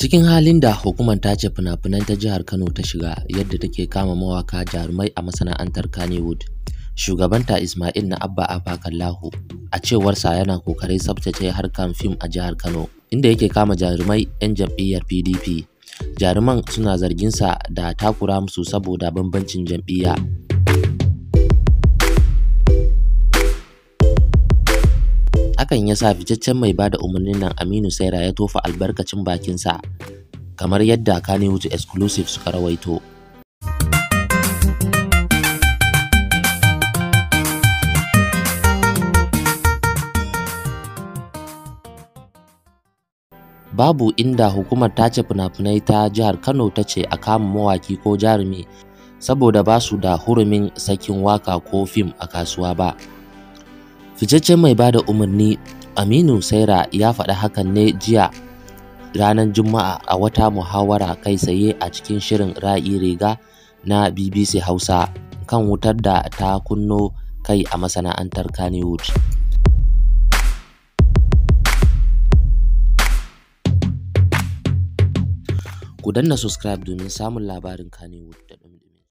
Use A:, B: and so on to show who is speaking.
A: cikin halin da hukumar tace fina-finan ta jihar kano ta shiga yadda take kama mawaka jarumai a masana'antar kannywood shugabanta ismail na abba abba a cewarsa yana kokarin tsabtace harkar fim a jihar kano inda yake kama jarumai 'yan jam'iyyar pdp jaruman suna zarginsa da takura musu saboda bambancin jam'iyya Hakan ya sa fitaccen mai bada umarnin nan Aminu Saira ya tofa albarkacin bakinsa kamar yadda wuce Exclusive suka rawaito. babu inda hukumar tace fina-finai ta jihar kano ta ce a kama mawaki ko jarumi saboda ba su da hurumin sakin waka ko fim a kasuwa ba Ficaccen mai ba da umarni Aminu Saira ya faɗi hakan ne jiya ranar Juma'a a wata muhawara kai saye a cikin shirin ra'ayi riga na BBC Hausa kan wutar da ta kunno kai a masana'antar Kannywood. Ku danna subscribe domin samun labarin Kannywood da